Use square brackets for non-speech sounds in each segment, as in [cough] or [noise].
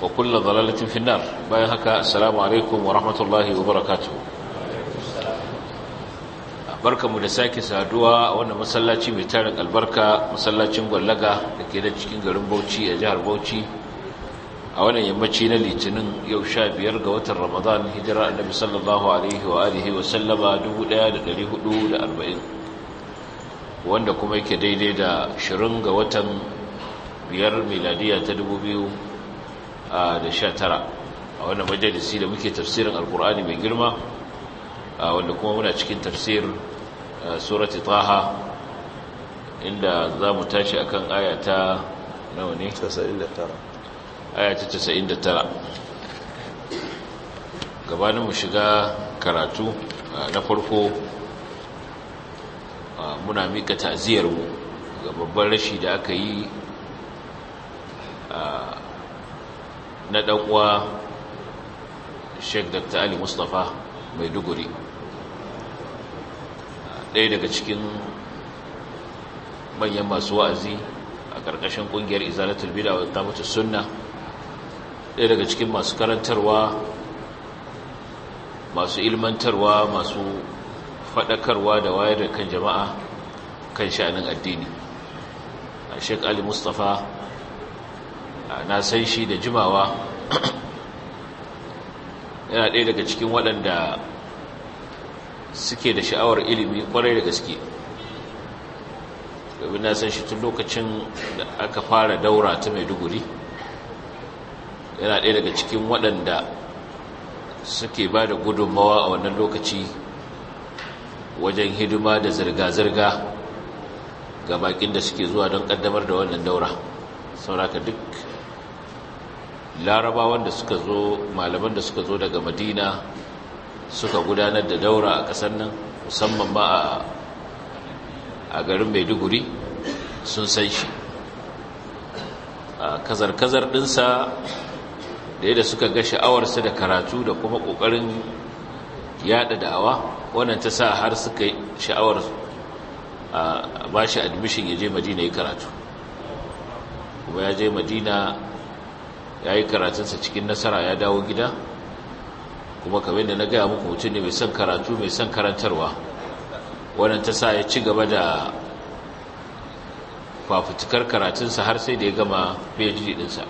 wa kulla dalalatin finnar bayan haka assalamu alaikum wa rahmatullahi wa mu da sake saduwa a wannan masallaci mai tarin albarka masallacin gwallaga da ke da cikin garin bauchi a jihar bauchi a wannan yammaci na litinin yau sha biyar ga watan ramadan hijira annabi sallallahu alaihi wa alihi wa sallama 1440 wanda kuma yake daidai da 20 ga watan biyar miladiya ta biyu. da sha tara a wannan majalisi da muke tafsirin alkur'ani mai girma wanda kuma muna cikin tafsir surati taha inda za mu tashi a kan ayata nawa ne? 99 aya 99 gabanin mu shiga karatu na farko muna mika mu ga babban rashi da aka yi na ɗan'uwa sheik dr ali mustapha mai duguri ɗaya daga cikin manyan masu wa'azi a ƙarƙashin ƙungiyar izalatul bida wa mutu sunna ɗaya daga cikin masu karantarwa masu ilmantarwa masu faɗakarwa da wayar da kan jama'a kan sha'anin addini a sheik ali mustapha na san shi da jimawa yana ɗaya daga cikin waɗanda suke da sha'awar ilimi kwarai da gaske domin na san shi tun lokacin da aka fara daura ta maiduguri yana ɗaya daga cikin waɗanda suke ba da gudunmawa a wannan lokaci wajen hidima da zirga-zirga ga bakin da suke zuwa don ƙaddamar da wannan daura sauraka duk larabawan da suka zo malaman da suka zo daga madina suka gudanar da daura a ƙasar nan musamman ma a garin maiduguri sun san shi a kazar-kazar ɗinsa da yadda suka ga sha'awarsa da karatu da kuma ƙoƙarin yada da'awa wannan ta sa har suka sha'awar a ba shi admission ya je madina ya karatu kuma ya je madina ya yi karatunsa cikin nasara ya dawo gida kuma kamar da na gaya muku mutum ne mai son karatu mai son karantarwa wannan ta sa ya ci gaba da fafutukar karatunsa har sai da ya gama phd dinsa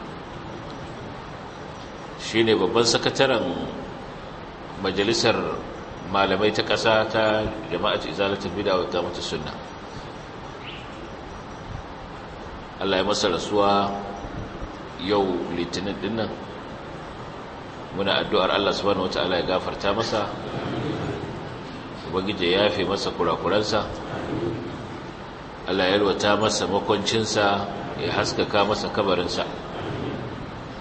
shi ne babban sakataren majalisar malamai ta ƙasa ta jama'at izalatul bid'a wa iqamatus suna. Allah ya masa rasuwa yau litinin dinnan muna addu'ar Allah subhanahu wata'ala ya gafarta masa ubangiji ya yafe masa kurakuransa Allah ya yalwata masa makoncinsa ya haskaka masa kabarinsa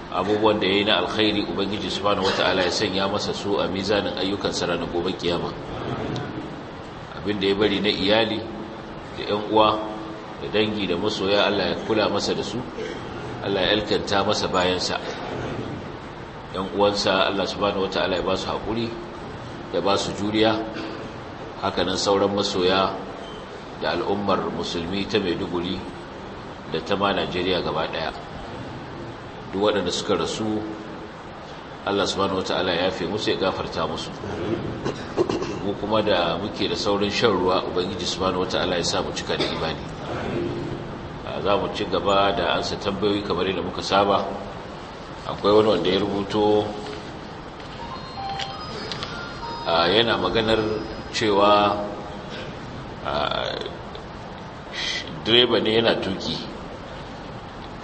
abubuwan da ya yi na alkhairi ubangiji subhanahu wata'ala ya sanya masa su a mizanin ayyukan sarana gobe kiyama abin da ya bari na iyali da 'yan uwa da dangi da masoya Allah ya kula masa da su Allah ya alkanta masa bayansa ‘yan uwansa Allah subhanahu wa ta'ala ya ba su haƙuri ya ba su juriya hakanan sauran masoya da al'ummar musulmi ta maiduguri da ta ma najeriya gaba ɗaya duk waɗanda suka rasu Allah subhanahu wa ta'ala ya fi musu ya gafarta musu mu kuma da muke da saurin shan ruwa ubangiji subhanahu wa ta'ala ya sa mu cika da imani za mu ci gaba da ansa tambayoyi kamar yadda muka saba akwai wani wanda ya rubuto yana maganar cewa direba ne yana tuki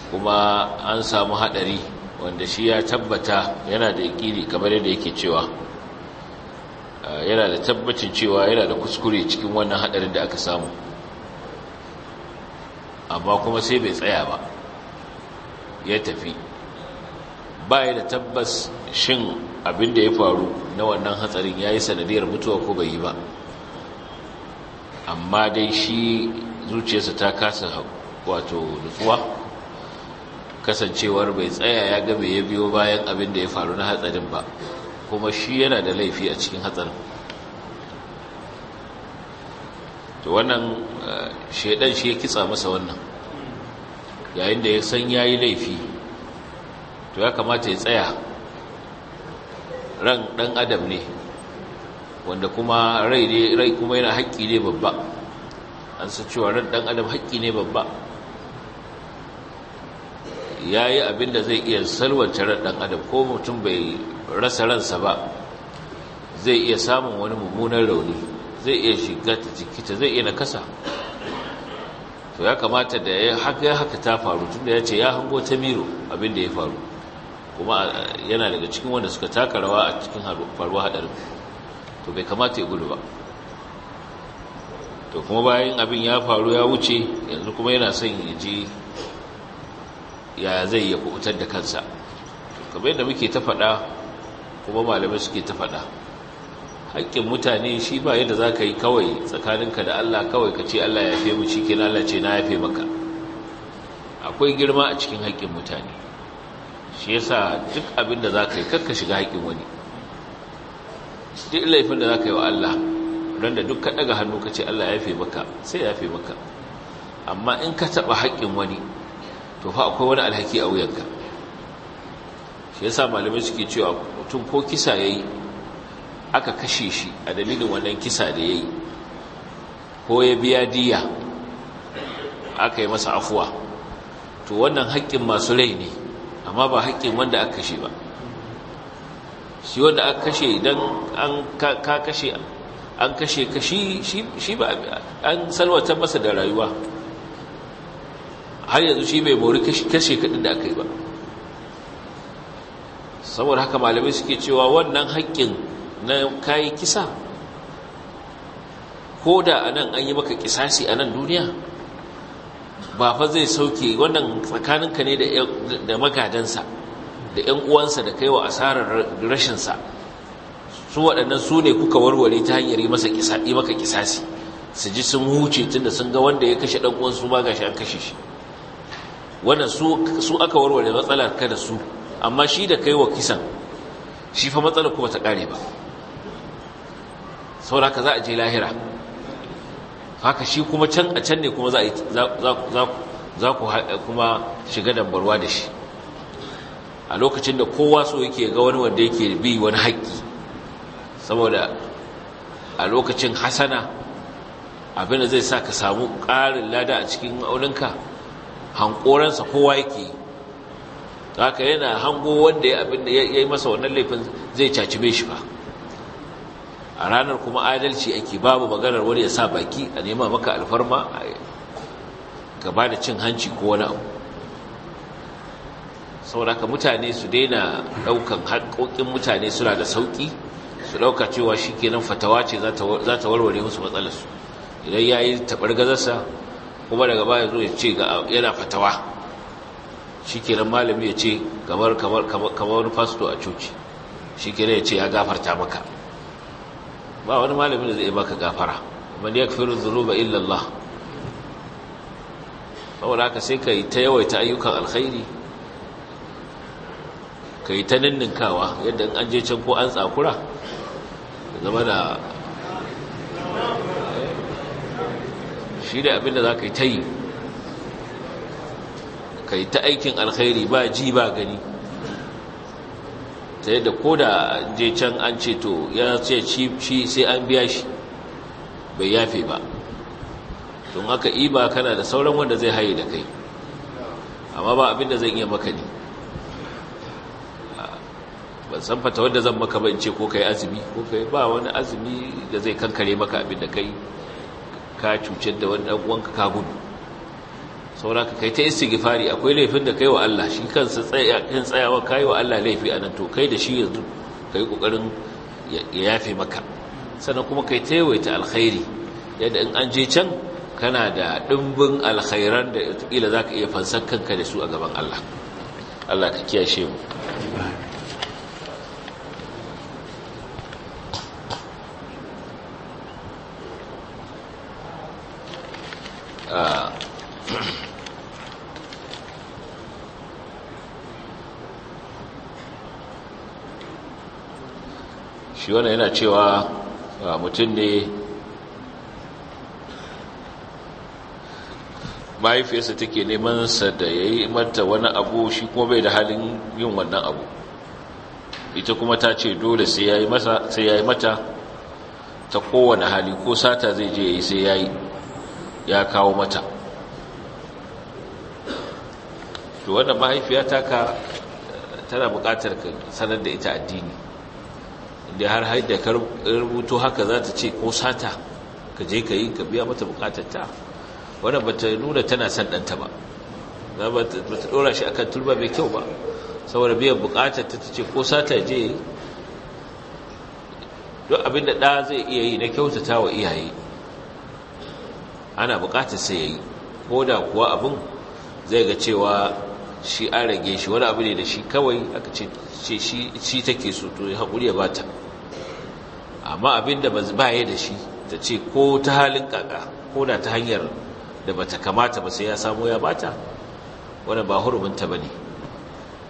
kuma an samu hadari wanda shi ya tabbata yana da ikiri kamar yadda yake cewa yana da tabbacin cewa yana da kuskure cikin wannan hadarin da aka samu amma kuma sai bai tsaya ba ya tafi Ba ya da tabbas shin abin da ya faru na wannan hatsarin ya yi sanadiyar mutuwa ko bai yi ba amma dai shi zuciyarsa ta kasa wato nutsuwa kasancewar bai tsaya ya gabe ya biyo bayan abin da ya faru na hatsarin ba kuma shi yana da laifi a cikin hatsarin to wannan shaidan shi ya kitsa masa wannan yayin da ya san ya yi laifi to ya kamata ya tsaya ran ɗan adam ne wanda kuma rai ne rai kuma yana haƙƙi ne babba an san cewa ran ɗan adam haƙƙi ne babba ya yi abin da zai iya salwanta ran ɗan adam ko mutum bai rasa ransa ba zai iya samun wani mummunan rauni zai iya shiga ta jikita zai iya nakasa to ya kamata da ya haka ya haka ta faru tunda ya ce ya hango ta miro abinda ya faru kuma yana daga cikin wanda suka taka rawa a cikin faruwa hadarin to bai kamata ya gudu ba to kuma bayan abin ya faru ya wuce yanzu kuma yana son ya ji ya zai ya kubutar da kansa kamar yadda muke ta faɗa kuma malamai suke ta faɗa haƙƙin mutane shi ba yadda za ka yi kawai tsakaninka da Allah kawai ka ce Allah ya fi mu shi ke Allah ce na ya fi maka akwai girma a cikin haƙƙin mutane shi yasa duk abin da za ka yi kakka shiga haƙƙin wani duk laifin da za ka yi wa Allah don da duk ka ɗaga hannu ka ce Allah ya fi maka sai ya fi maka amma in ka taɓa haƙƙin wani to fa akwai wani alhaki a wuyanka shi yasa malamai suke cewa mutum ko kisa ya yi aka kashe shi a dalilin wannan kisa da ya yi ko ya biya diya aka yi masa afuwa to wannan haƙƙin masu rai ne amma ba haƙƙin wanda aka kashe ba shi wanda aka kashe idan an ka kashe an kashe kashi shi ba an salwatar masa da rayuwa har yanzu shi bai mori kashe kaɗin da aka yi ba saboda haka malamai suke cewa wannan haƙƙin na kayi kisa ko da a nan an yi maka kisasi a nan duniya ba fa zai sauke wannan tsakaninka ne da magadansa da 'yan uwansa da kaiwa asarar rashinsa su waɗannan su ne kuka warware ta hanyar yi maka kisasi su ji sun huce tunda sun ga wanda ya kashe ɗan uwansu ma gashi an kashe shi wannan su aka warware matsalar ka da su amma shi da kaiwa kisan shi fa matsalar kuma ta ƙare ba sauraka za a je lahira haka shi kuma can a can ne kuma za ku kuma shiga dambarwa da shi a lokacin da kowa so yake ga wani wanda yake bi wani haƙƙi saboda a lokacin hasana abin da zai sa ka samu ƙarin lada a cikin auninka hankoransa kowa yake haka yana hango wanda ya yi masa wannan laifin zai cacibe shi ba a ranar kuma adalci ake babu maganar wani ya sa baki a nema maka alfarma gaba da cin hanci ko wani abu sauraka mutane su daina daukan haƙoƙin mutane suna da sauƙi su ɗauka cewa shi kenan fatawa ce za ta warware musu matsalarsu idan ya yi taɓar gazarsa kuma daga baya zo ya ce yana fatawa shi kenan malami ya ce kamar wani fasto a coci shi kenan ya ce ya gafarta maka ba wani malamin da zai baka gafara man yakfiru dhunuba illa Allah saboda haka sai yi ta yawaita ayyukan alkhairi yi ta ninninkawa yadda an je can ko an tsakura zama da shi da abinda za ka yi ta yi ka yi ta aikin alkhairi ba ji ba gani ta yadda ko da je can an ce to ya ce shi sai an biya shi bai yafe ba don haka iba kana da sauran wanda zai haye da kai amma ba abinda zai iya maka ne ban san fata wanda zan maka ba in ce ko kai azumi ko kai ba wani azumi da zai kankare maka abinda kai ka cuce da wani ɗan uwanka ka gudu sauraka ka kai ta istighfari akwai laifin da kai wa Allah shi kansa tsaya kan tsayawa kai wa Allah laifi anan to kai da shi yanzu kai kokarin ya yafe maka sannan kuma kai ta yawaita alkhairi yadda in an je can kana da dimbin alkhairan da kila ka iya fansar kanka da su a gaban Allah Allah ka kiyashe mu ah. shi wani yana cewa mutum ne mahaifiyarsa take neman sa da ya yi mata wani abu shi kuma bai da halin yin wannan abu ita kuma ta ce dole sai ya yi mata ta kowane hali ko sata zai je ya yi sai ya yi ya kawo mata to mahaifiyar ta ka tana bukatar sanar da ita addini da har haida ka rubuto haka za ta ce ko sata ka je ka yi ka biya mata ta wadda ba ta nuna tana son ɗanta ba za ba ta ɗora shi akan turba mai kyau ba saboda biyan bukatar ta ce ko sata je duk abin da ɗa zai iya yi na kyautata wa iyaye ana bukatar sai ya yi ko da kuwa abin zai ga cewa shi an rage shi wani abu ne da shi kawai aka ce shi take so to ya haƙuri ya bata amma abinda ba yi da shi ta ce ko ta halin kaka ko da ta hanyar da bata kamata ba sai ya samu ya bata wannan ba ba bane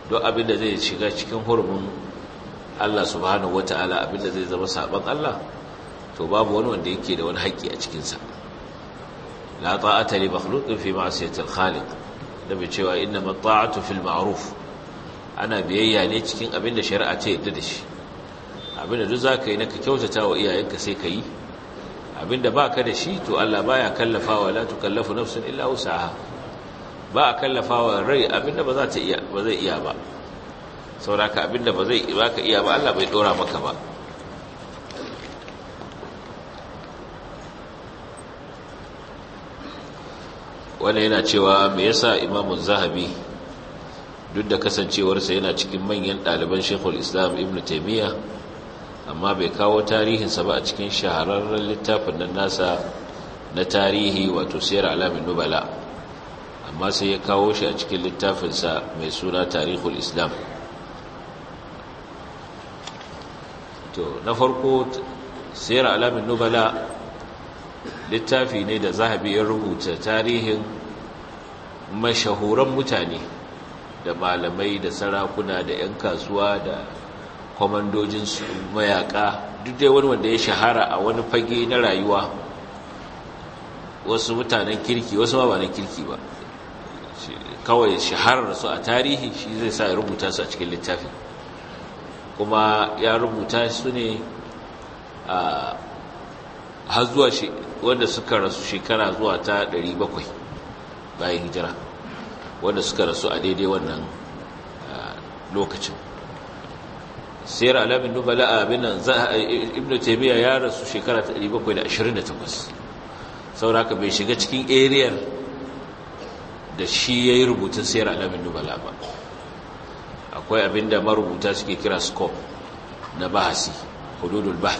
don abinda zai shiga cikin hurumin Allah subhanahu wataala abinda zai zama sabon Allah to babu wani wanda yake da wani haƙƙi a cikinsa la ta'ata li makhluqin fi ma'siyati al-khaliq da bai cewa inna mata'atu fil ma'ruf ana biyayya ne cikin abinda shari'a ta yadda da shi abinda duk za ka yi na ka kyautata wa iyayenka sai ka yi abinda ba ka da shi to Allah baya kallafa wa latu kallafu nafsun illa usaha ba a kallafa wa rai abinda ba za ta iya ba zai iya ba sauraka abinda ba zai ba ka iya ba Allah bai dora maka ba wanda yana cewa me yasa imamun zahabi duk da kasancewarsa yana cikin manyan ɗaliban shekul islam ibn taimiyya amma bai kawo tarihinsa ba a cikin shahararren littafin nan nasa na tarihi wato sayar alamin nubala amma sai ya kawo shi a cikin littafinsa mai suna tarihul islam to na farko sayar alamin nubala littafi ne da zahabi ya rubuta tarihin mashahuran mutane da malamai da sarakuna da 'yan kasuwa da kwamandojin mayaka duk dai wani wanda ya shahara a wani fage na rayuwa wasu mutanen kirki wasu ma ba na kirki ba kawai shaharar su a tarihi shi zai sa ya rubuta su a cikin littafi kuma ya rubuta su ne a har wanda suka rasu shekara zuwa ta 700 bayan hijira wanda suka rasu a daidai wannan lokacin siyar alamin nubala abin nan ibn taimiyya ya rasu shekara ta 728 sauraka bai shiga cikin ariyar da shi ya yi rubutun siyar alamin nubala ba akwai abinda marubuta suke kira scope na bahasi hududul bahth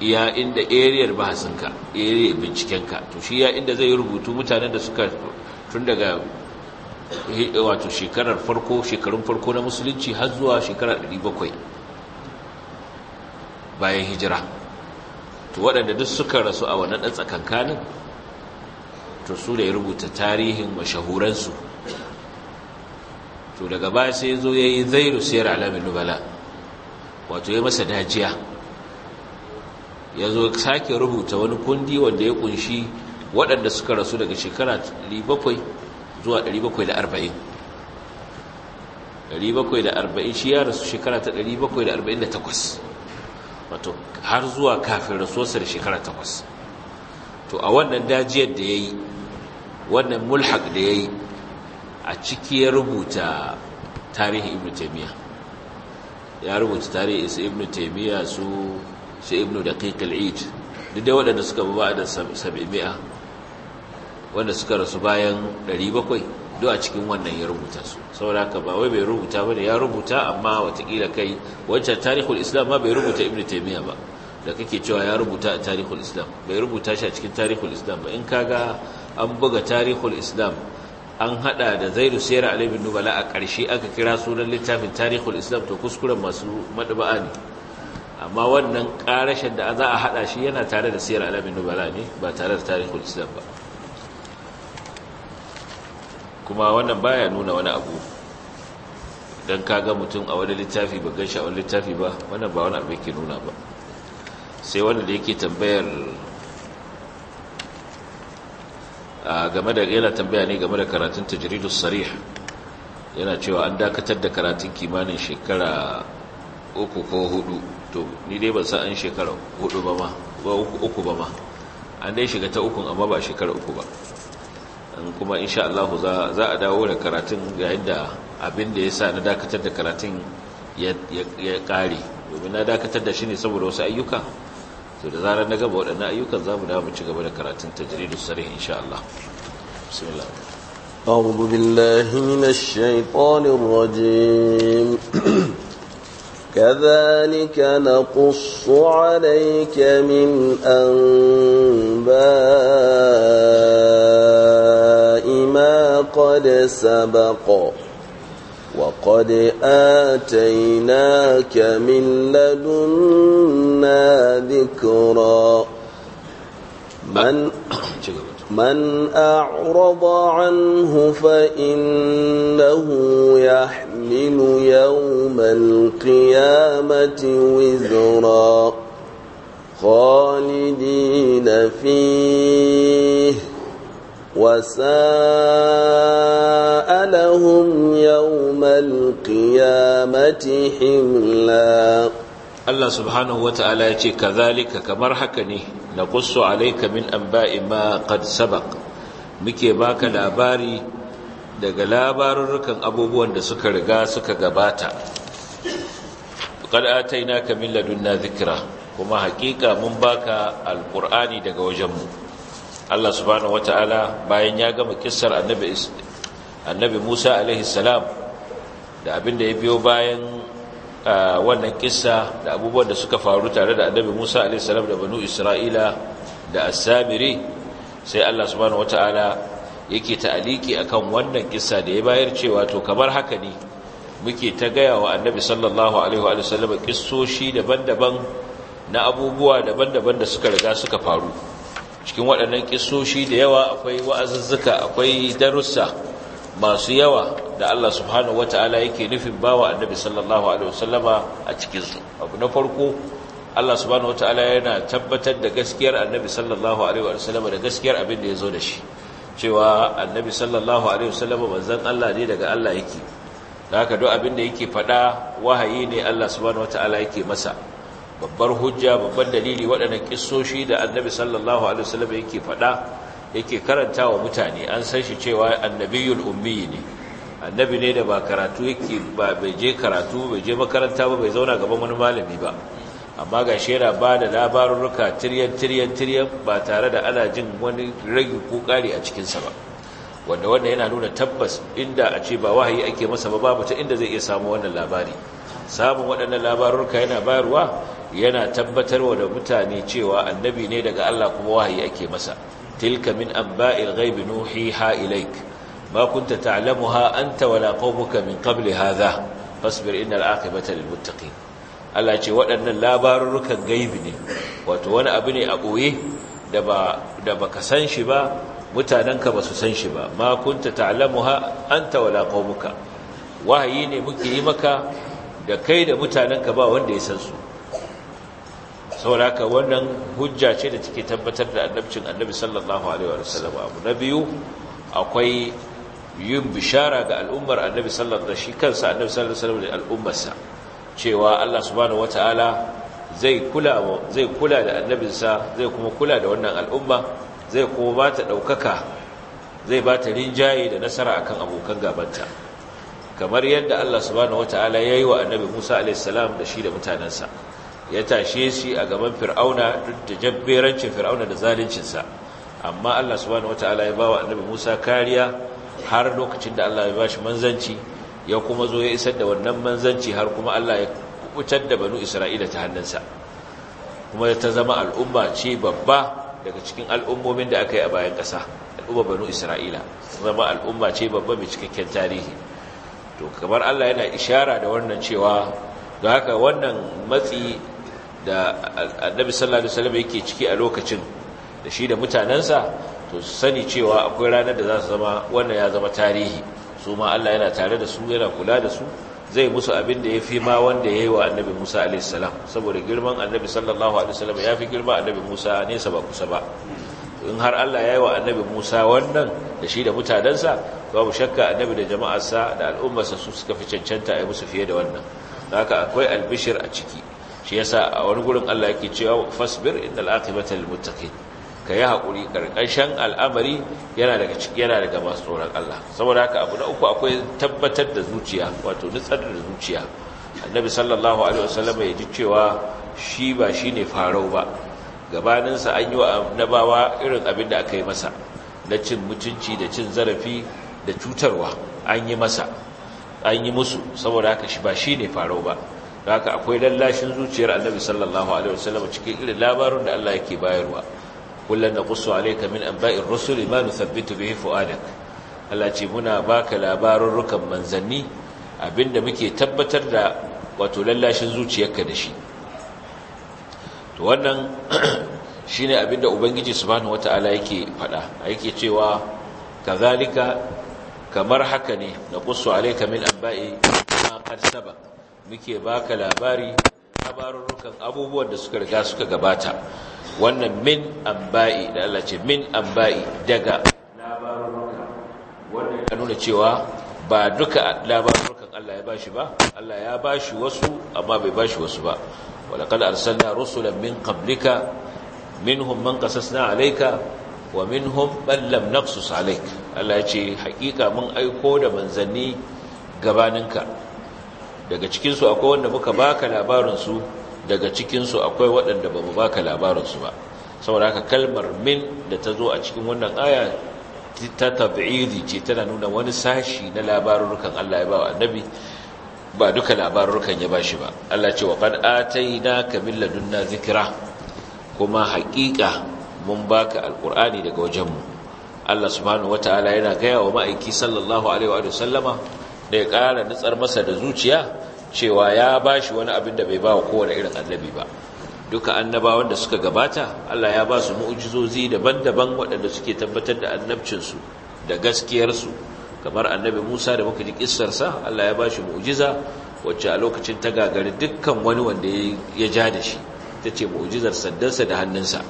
iya inda ariyar bahasinka ariyar bincikenka to shi ya inda zai rubutu mutanen da suka tun daga Eh, wato shekarar farko shekarun farko na musulunci har zuwa shekarar 700 bayan hijira to waɗanda duk suka rasu a wannan ɗan tsakankanin to su da ya rubuta tarihin mashahuransu to daga baya sai zo ya yi zairu sayar alamin nubala wato ya masa dajiya ya zo sake rubuta wani kundi wanda ya kunshi waɗanda suka rasu daga shekara 700 zuwa 740 740 shi ya rasu shekara ta 748 wato har zuwa kafin rasuwar da shekara takwas to a wannan dajiyar da ya yi wannan mulhaq da ya yi a ciki ya rubuta tarihin ibn taimiyya ya rubuta tarihin su ibn taimiyya su shi ibn da ƙiƙil eid duk dai waɗanda suka ba da sab'imiya wanda suka rasu bayan 700 duk a cikin wannan ya rubuta su saboda haka ba wai bai rubuta bane ya rubuta amma watakila kai wancan tarihul islam ma bai rubuta ibnu taymiya ba da kake cewa ya rubuta a tarihul islam bai rubuta shi a cikin tarihul islam ba in kaga an buga tarihul islam an hada da zairu sayar alibin nubala a ƙarshe aka kira sunan littafin tarihul islam to kuskuren masu maɗuba'a ne amma wannan karashen da za a hada shi yana tare da sayar alibin nubala ne ba tare da tarihul islam ba kuma wannan baya nuna wani abu don kaga mutum a wani littafi ba gan shi a wani littafi ba wannan ba wani abu yake nuna ba sai wanda da yake tambayar game da yana tambaya ne game da karatun tajiridu sarih yana cewa an dakatar da karatun kimanin shekara uku ko hudu to ni dai ban sa an shekara hudu ba ma ba uku ba ma an dai shiga ta ukun amma ba shekara uku ba kuma insha Allah za a dawo da karatun yayin da abin da ya sa na dakatar da karatun ya ƙare domin na dakatar da shi ne saboda wasu ayyuka to da zarar na gaba waɗannan ayyukan za mu dawo mu ci gaba da karatun tajridus sarih insha Allah أعوذ بالله من الشيطان الرجيم كذلك نقص عليك من أنبار قد سبق وقد آتيناك من لدنا ذكرا من [coughs] من أعرض عنه فإنه يحمل يوم القيامة وزرا خالدين فيه وساء لهم يوم القيامة حملا الله سبحانه وتعالى يتي كذلك كمرحكني نقص عليك من أنباء ما قد سبق muke baka labari daga labarurrukan abubuwan da suka riga suka gabata qad atainaka min ladunna zikira, kuma hakika mun baka alqur'ani daga wajenmu Allah subhanahu wata'ala bayan ya gama kissar annabi annabi Musa alaihi salam da abin da ya biyo bayan wannan kissa da abubuwan da suka faru tare da annabi Musa alaihi salam da banu Isra'ila da as sai Allah subhanahu wata'ala yake ta'aliki akan wannan kissa da ya bayar cewa to kamar haka ne muke ta gaya wa annabi sallallahu alaihi wa sallam kissoshi daban-daban na abubuwa daban-daban da suka riga suka faru cikin waɗannan ƙisoshi da yawa akwai wa'azuzzuka akwai darussa masu yawa da Allah subhanahu wata'ala yake nufin bawa annabi sallallahu alaihi wasallama a cikinsu abu na farko Allah subhanahu wata'ala yana tabbatar da gaskiyar annabi sallallahu alaihi wasallama da gaskiyar abin da ya zo da shi cewa annabi sallallahu alaihi wasallama manzon Allah ne daga Allah yake da haka duk abin da yake faɗa wahayi ne Allah subhanahu wata'ala yake masa babbar hujja babbar dalili waɗannan kissoshi da annabi sallallahu alaihi wasallam yake faɗa yake karanta wa mutane an san shi cewa annabiyul ummi ne annabi ne da ba karatu yake ba bai je karatu bai je makaranta ba bai zauna gaban wani malami ba amma ga shi ba da ruka tiryan tiryan tiryan ba tare da ana jin wani ragi ko kare a cikinsa ba wanda wannan yana nuna tabbas inda a ce ba wahayi ake masa ba babu ta inda zai iya samu wannan labari samun waɗannan labarurka yana bayarwa yana tabbatarwa da mutane cewa annabi ne daga Allah kuma wahayi ake masa tilka min anba'il ghaibi nuhiha ilaik ma kunta ta'lamuha anta wala qaumuka min qabli hadha fasbir innal aqibata lil muttaqin Allah ce waɗannan labarurukan gaibi ne wato wani abu ne a boye da ba da baka san shi ba mutananka ba su san shi ba ma kunta ta'lamuha anta wala qaumuka wahayi ne muke yi maka da kai da mutananka ba wanda ya san su sauraka haka wannan hujja ce da take tabbatar da annabcin annabi sallallahu alaihi wa sallam abu na biyu akwai yin bishara ga al'ummar annabi sallallahu alaihi shi kansa annabi sallallahu alaihi sallam da al'ummarsa cewa Allah subhanahu wataala zai kula zai kula da annabinsa zai kuma kula da wannan al'umma zai kuma ba ta daukaka zai ba ta rinjaye da nasara akan abokan gabanta kamar yadda Allah subhanahu wataala yayi wa annabi Musa alaihi salam da shi da mutanansa ya tashe shi a gaban fir'auna duk da jabberancin fir'auna da zaluncinsa amma Allah subhanahu wataala ya bawa annabi Musa kariya har lokacin da Allah ya ba shi manzanci ya kuma zo ya isar da wannan manzanci har kuma Allah ya kubutar da banu Isra'ila ta hannunsa kuma ta zama al'umma ce babba daga cikin al'ummomin da aka yi a bayan ƙasa al'umma banu Isra'ila Ta zama al'umma ce babba mai cikakken tarihi to kamar Allah yana ishara da wannan cewa ga haka wannan matsi da annabi sallallahu alaihi wasallam yake ciki a lokacin da shi da mutanansa to sani cewa akwai ranar da za su zama wannan ya zama tarihi su ma Allah yana tare da su yana kula da su zai musu abin da ya fi ma wanda ya yi wa annabi Musa salam saboda girman annabi sallallahu alaihi wasallam ya fi girma annabi Musa nesa ba kusa ba in har Allah ya yi wa annabi Musa wannan da shi da mutanensa babu shakka annabi da jama'arsa da al'ummarsa su suka fi cancanta a yi musu fiye da wannan haka akwai albishir a ciki shi yasa a wani gurin Allah yake cewa fasbir innal aqibata lil muttaqin kai hakuri karkashin al'amari yana daga yana daga masu tsoron Allah saboda haka abu na uku akwai tabbatar da zuciya wato nutsar da zuciya annabi sallallahu alaihi wasallam ya ji cewa shi ba shine farau ba gabaninsa an yi wa nabawa irin abin da aka yi masa na cin mutunci da cin zarafi da cutarwa an yi masa an yi musu saboda haka shi ba shine farau ba da haka akwai lallashin zuciyar annabi sallallahu alaihi wasallam cikin irin labarin da Allah yake bayarwa kullun naqussu alayka min anba'ir rusuli ma nuthabbitu bihi fu'adak Allah ce muna baka labarin rukan manzanni abinda muke tabbatar da wato lallashin zuciyarka da shi to wannan [clears throat] shine abinda ubangiji subhanahu wataala yake faɗa yake cewa kazalika kamar haka ne naqussu alayka min anba'i ma qad sabaq muke baka labari labarurrukan abubuwan da suka riga suka gabata wannan min amba'i da Allah ce min amba'i daga labarurruka wannan ya nuna cewa ba duka labarurrukan Allah ya bashi ba Allah ya bashi wasu amma bai bashi wasu ba walaqad arsalna rusulan min qablika minhum man qasasna alayka wa minhum man lam naqsus alayk Allah ya ce hakika mun aiko da manzanni gabaninka daga cikinsu akwai wanda muka baka labarinsu daga cikinsu akwai waɗanda ba mu baka labarinsu ba saboda haka kalmar min da ta zo a cikin wannan aya ta tab'idi ce tana nuna wani sashi na labarurukan Allah ya ba wa annabi ba duka labarurukan ya bashi ba Allah ce wa qad ka min ladunna zikra kuma haƙiƙa mun baka alqur'ani daga wajenmu Allah subhanahu wataala yana gaya wa ma'aiki sallallahu alaihi wa sallama da ya ƙara nutsar masa da zuciya cewa ya ba shi wani abin da bai ba wa kowane irin annabi ba duka annabawan da suka gabata Allah ya ba su mu'ujizozi daban-daban waɗanda suke tabbatar da annabcinsu da gaskiyarsu kamar annabi Musa da muka ji kissarsa Allah ya ba shi mu'ujiza wacce a lokacin ta gagari dukkan wani wanda ya ja da shi ta ce mu'ujizar sandansa da hannunsa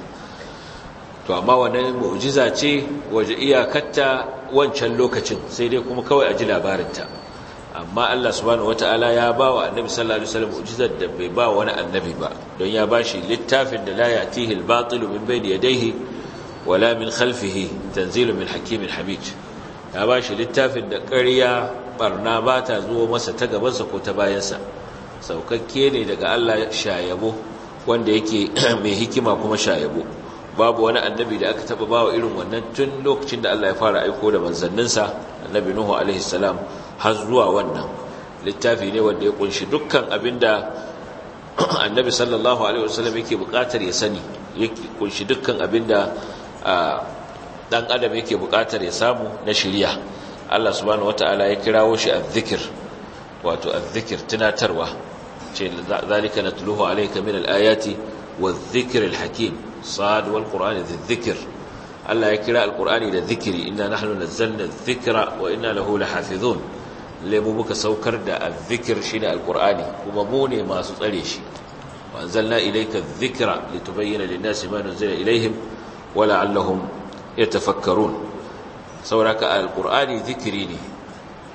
to amma wannan mu'ujiza ce waje iyakarta wancan lokacin sai dai kuma kawai a ji labarinta amma Allah subhanahu wataala ya bawa annabi sallallahu alaihi wasallam mu'jizar da bai ba wani annabi ba don ya ba shi littafin da la yatihi al-batil min bayni yadayhi wala min khalfihi tanzilu min hakimin hamid ya ba shi littafin da ƙarya barna ba ta zuwa masa ta gabansa ko ta bayansa saukakke ne daga Allah shayabo wanda yake [clears throat] mai hikima kuma shayabo babu wani annabi da aka taba bawa irin wannan tun lokacin da Allah ya fara aiko da manzanninsa annabi nuhu alaihi salam har zuwa wannan littafi ne wanda ya kunshi dukkan abinda [clears throat] annabi sallallahu alaihi wasallam yake buƙatar ya sani yake kunshi dukkan abinda dan adam yake buƙatar ya samu na shirya. Allah subhanahu wataala ya kirawo shi azzikir wato azzikir tunatarwa ce zalika natluhu alayka min alayati wadh-dhikr sad wal dhikr Allah ya kira al da zikiri inna nahnu nazzalna adh-dhikra wa inna lahu lahafizun lemu muka saukar da azzikir shi ne alkur'ani kuma mu ne masu tsare shi wanzalna ilayka dhikra litubayyana lin ma nuzila ilayhim wa la'allahum yatafakkarun sauraka alkur'ani zikiri ne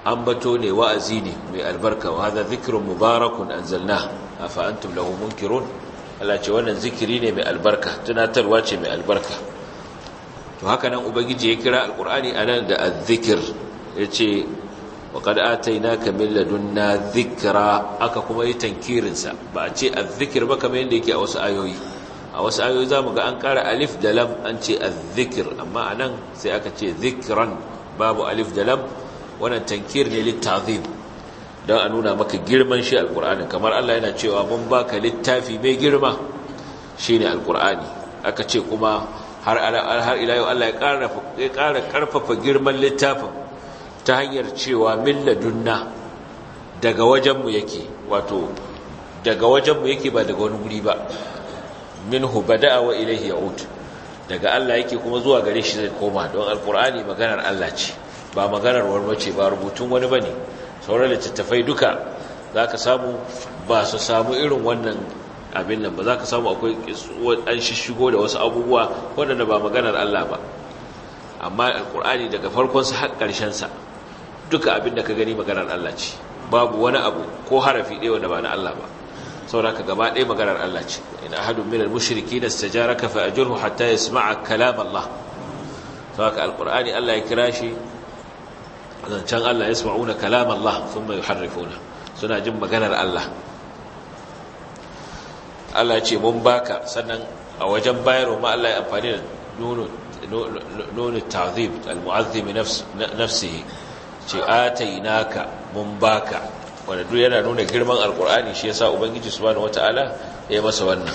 ambato ne wa'azi ne mai albarka wa hadha dhikrun mubarakun anzalna afa antum lahu munkirun Allah ce wannan zikiri ne mai albarka tunatarwa ce mai albarka to haka nan ubangiji ya kira alkur'ani anan da azzikir yace وقد آتيناك من na zikira aka kuma yi tankirinsa ba a ce azzikir ba kamar yadda yake a wasu ayoyi a wasu ayoyi zamu ga an ƙara alif da lam an ce azzikir amma anan sai aka ce zikran babu alif da lam wannan tankir ne littazim don a nuna maka girman shi alkur'ani kamar Allah yana cewa mun baka littafi mai girma shine alkur'ani aka ce kuma har ila yau Allah ya ƙara ƙarfafa girman littafin ta hanyar cewa milladunna daga wajenmu yake wato daga wajenmu yake ba daga wani guri ba minhu bada'a wa ilayhi ya'ud daga Allah yake kuma zuwa gare shi zai koma don alkur'ani maganar Allah ce ba maganar wani mace ba rubutun wani bane sauran littattafai duka zaka samu ba su samu irin wannan abin nan ba zaka samu akwai an shishigo da wasu abubuwa wanda ba maganar Allah ba amma Alƙur'ani daga farkon sa har ƙarshen sa duka abin da ka gani maganar Allah ce babu wani abu ko harafi ɗaya wanda ba na Allah ba sauraka gaba ɗaya maganar Allah ce in mushiriki minal mushriki nastajaraka fa ajurhu hatta yasma'a kalam Allah sauraka alqur'ani Allah ya kira shi zancan Allah yasma'una kalam Allah thumma yuharrifuna suna jin maganar Allah Allah ce mun baka sannan a wajen bayarwa ma Allah ya amfani da nunu nunu ta'zib al-mu'azzim nafsihi ce naka mun baka wanda duk yana nuna girman alkur'ani shi yasa ubangiji subhanahu wataala ya masa wannan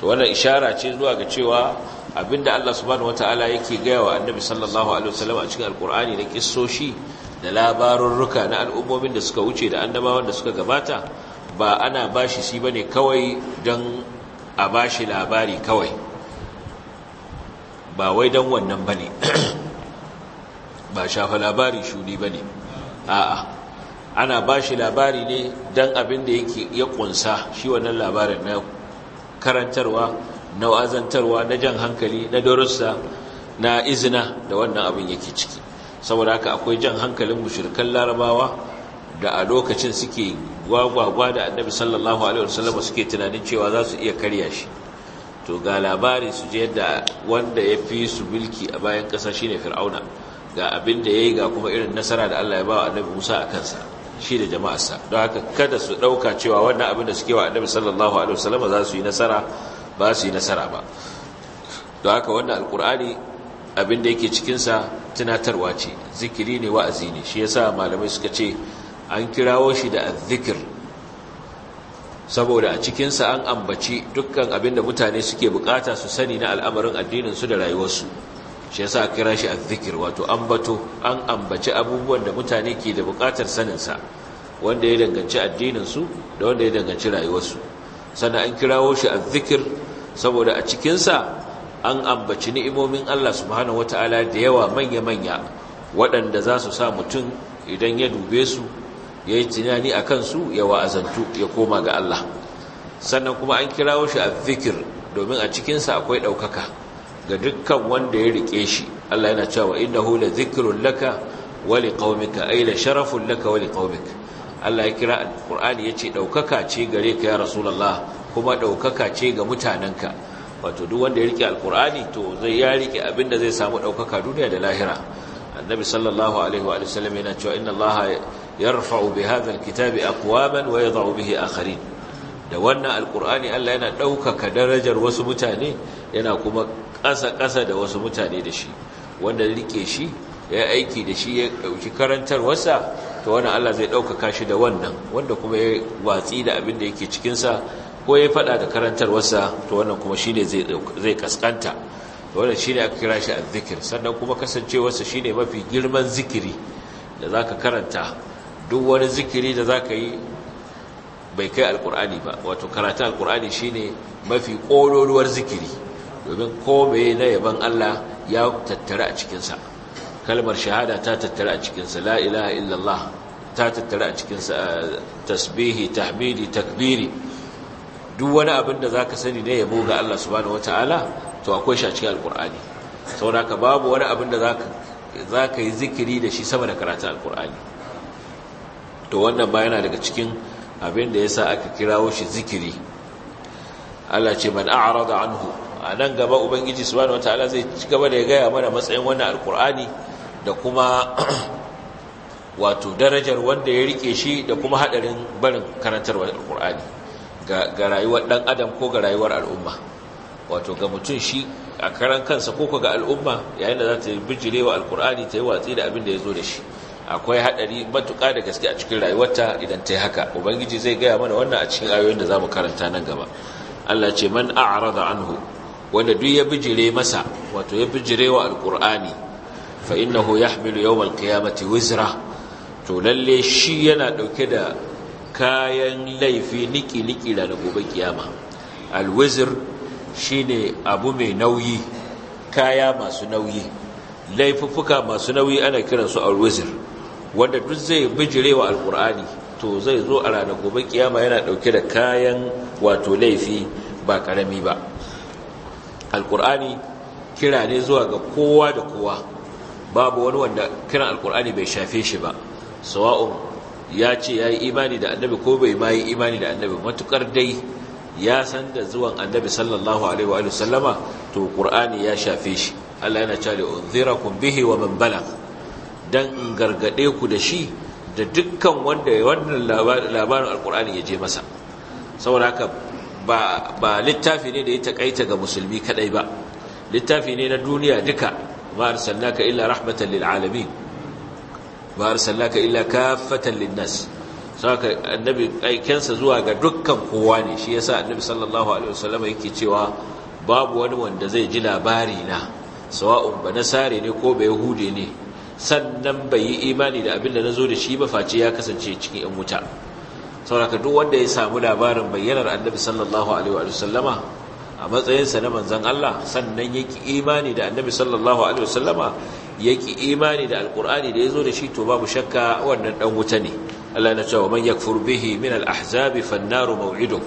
to wannan ishara ce zuwa ga cewa abinda Allah subhanahu wataala yake gaya wa annabi sallallahu alaihi wasallam a cikin alkur'ani na kisoshi, da labarurruka na al'ummomin da suka wuce da annabawan da suka gabata ba ana bashi shi bane kawai don a ba shi labari kawai ba wai don wannan bane [clears throat] ba shafa labari shuni ba ne a'a ana ba shi labari ne don abin da yake ya kunsa shi wannan labarin na karantarwa na wazantarwa na jan hankali na darussa na izina da wannan abin yake ciki saboda haka akwai jan hankalin mushirkan larabawa da a lokacin suke gwagwagwa da annabi sallallahu alaihi wasallam suke tunanin cewa za su iya karya shi to ga labari su je da wanda ya fi su bilki a bayan ƙasa shine fir'auna ga abin da yi ga kuma irin nasara da Allah ya ba wa annabi Musa a kansa shi da jama'arsa don haka kada su ɗauka cewa wannan abin da suke wa annabi sallallahu alaihi wasallam za su yi nasara ba su yi nasara ba don haka wannan alkur'ani abin da yake cikin sa tunatarwa ce zikiri ne wa'azi ne shi yasa malamai suka ce an kirawo shi da azzikr saboda a cikinsa an ambaci dukkan abin da mutane suke bukata su sani na al'amarin addinin su da rayuwarsu shi yasa a kira shi azzikir wato ambato an ambaci abubuwan da mutane ke da bukatar sanin sa wanda ya danganci addinin su da wanda ya danganci rayuwarsu sannan an kirawo shi azzikir saboda a cikinsa an ambaci ni'imomin Allah subhanahu wataala da yawa manya-manya waɗanda za su sa mutum idan ya dube su ya yi tunani a kansu ya wa'azantu ya koma ga Allah sannan kuma an kirawo shi a zikir domin a cikinsa akwai ɗaukaka ga dukkan wanda ya rike shi Allah yana cewa innahu la zikrun laka wa liqaumika ay la sharafun laka wa liqaumik Allah ya kira alqur'ani yace daukaka ce gare ka ya rasulullah kuma daukaka ce ga mutananka wato duk wanda ya rike alqur'ani to zai ya rike abinda zai samu daukaka duniya da lahira annabi sallallahu alaihi wa sallam yana cewa inna allaha yarfa'u bi hadha alkitabi aqwaman wa yadh'u bihi akharin da wannan alqur'ani Allah yana daukaka darajar wasu mutane yana kuma ƙasa-ƙasa da wasu mutane da shi wanda rike shi ya aiki da shi ya ɗauki karantarwarsa to wani Allah zai ɗaukaka shi da wannan wanda kuma ya watsi da abin da yake cikinsa ko ya faɗa da karantarwarsa to wannan kuma shi ne zai kaskanta wannan shi ne aka kira shi a zikir sannan kuma kasancewarsa shi ne mafi girman zikiri da za ka karanta duk wani zikiri da za ka yi bai kai alkur'ani ba wato karatu alkur'ani shi ne mafi ƙololuwar zikiri domin komai na yaban Allah ya tattara a cikinsa kalmar shahada ta tattara a cikinsa la ilaha illallah ta tattara a cikinsa tasbihi tahmidi takbiri duk wani abin da ka sani na yabo ga Allah subhanahu wataala to akwai shi a cikin alqur'ani saboda babu wani abin da zaka ka yi zikiri da shi sama da karatun Alƙur'ani. to wannan ba yana daga cikin abin da sa aka kirawo shi zikiri Allah ce man a'rada anhu a nan gaba ubangiji subhanahu wataala zai ci gaba da ya gaya mana matsayin wannan alkur'ani da kuma [clears throat] wato darajar wanda ya rike shi da kuma haɗarin barin karantarwar alkur'ani ga rayuwar dan adam ko ga rayuwar al'umma wato ga mutum shi a karan kansa ko ga al'umma yayin da za ta bijire wa alkur'ani ta yi watsi da abin da ya zo da shi akwai haɗari matuƙa da gaske a cikin rayuwarta idan ta yi haka ubangiji zai gaya mana wannan a cikin ayoyin da za mu karanta nan gaba Allah ce man a'rada anhu wanda duk ya bijire masa wato ya bijire wa alkur'ani fa innahu yahmilu yawmal qiyamati wizra to lalle shi yana dauke da kayan laifi niki niki da gobe kiyama alwizr shine abu mai nauyi kaya masu nauyi laifuffuka masu nauyi ana kiransu alwizr wanda duk zai bijire wa alkur'ani to zai zo a ranar gobe kiyama yana dauke da kayan wato laifi ba karami ba alkur'ani kira ne zuwa ga kowa da kowa babu wani wanda kiran alkur'ani bai shafe shi ba sawa'un ya ce ya yi imani da annabi ko bai ma yi imani da annabi matukar dai ya san da zuwan annabi sallallahu alaihi wa sallama to qur'ani ya shafe shi Allah yana cewa li unzirakum bihi wa man balagh dan in gargade ku da shi da dukkan wanda wannan labarin alkur'ani ya je masa saboda haka ba littafi ne da ya takaita ga musulmi kadai ba littafi ne na duniya duka ma arsalnaka illa rahmatan lil alamin ma arsalnaka illa kaffatan lin nas saka annabi aikensa zuwa ga dukkan kowa ne shi yasa annabi sallallahu alaihi wasallam yake cewa babu wani wanda zai ji labari na sawa'un ba nasare ne ko ba yahude ne sannan bai yi imani da abin da nazo da shi ba face ya kasance cikin yan wuta sauraka duk wanda ya samu labarin bayyanar annabi sallallahu alaihi wa sallama a matsayinsa na manzan Allah sannan yake imani da annabi sallallahu alaihi ya yake imani da alkur'ani da ya zo da shi to babu shakka wannan dan wuta ne Allah na cewa man yakfur bihi min al-ahzabi fannaru naru maw'iduh